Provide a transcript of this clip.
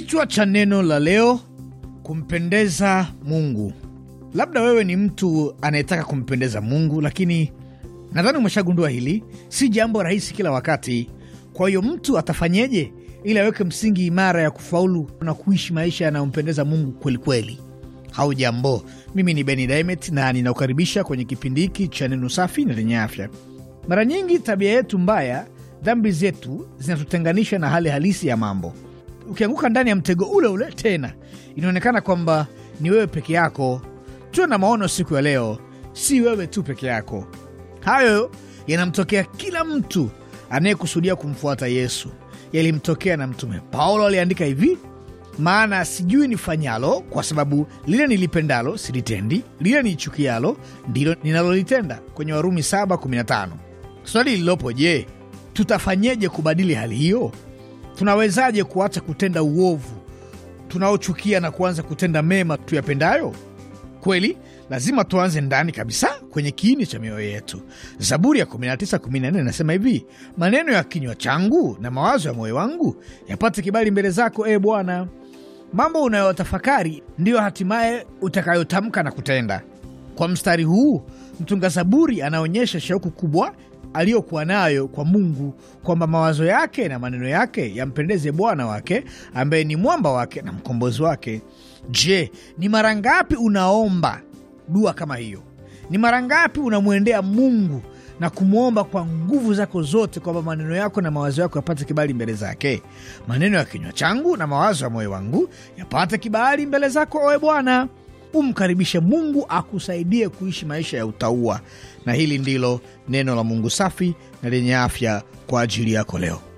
Kichwa cha neno la leo: kumpendeza Mungu. Labda wewe ni mtu anayetaka kumpendeza Mungu, lakini nadhani umeshagundua hili si jambo rahisi kila wakati. Kwa hiyo mtu atafanyeje ili aweke msingi imara ya kufaulu na kuishi maisha yanayompendeza Mungu kwelikweli? jambo mimi ni Beni Dimet na ninakukaribisha kwenye kipindi hiki cha neno safi na lenye afya. Mara nyingi tabia yetu mbaya, dhambi zetu, zinatutenganisha na hali halisi ya mambo ukianguka ndani ya mtego ule ule tena, inaonekana kwamba ni wewe peke yako. Tuwe na maono siku ya leo, si wewe tu peke yako. Hayo yanamtokea kila mtu anayekusudia kumfuata Yesu. Yalimtokea na Mtume Paulo, aliandika hivi: maana sijui nifanyalo, kwa sababu lile nilipendalo silitendi, lile nichukialo ndilo ninalolitenda, kwenye Warumi 7:15. Swali lililopo, je, tutafanyeje kubadili hali hiyo? tunawezaje kuacha kutenda uovu tunaochukia na kuanza kutenda mema tuyapendayo? Kweli lazima tuanze ndani kabisa, kwenye kiini cha mioyo yetu. Zaburi ya 19:14 inasema hivi: maneno ya kinywa changu na mawazo ya moyo wangu yapate kibali mbele zako, e Bwana. Mambo unayotafakari ndiyo hatimaye utakayotamka na kutenda. Kwa mstari huu mtunga Zaburi anaonyesha shauku kubwa aliyokuwa nayo kwa Mungu, kwamba mawazo yake na maneno yake yampendeze Bwana wake ambaye ni mwamba wake na mkombozi wake. Je, ni mara ngapi unaomba dua kama hiyo? Ni mara ngapi unamwendea Mungu na kumwomba kwa nguvu zako zote kwamba maneno yako na mawazo yako yapate kibali mbele zake. Maneno ya kinywa changu na mawazo ya moyo wangu yapate kibali mbele zako, owe Bwana umkaribishe Mungu akusaidie kuishi maisha ya utaua Na hili ndilo neno la Mungu safi na lenye afya kwa ajili yako leo.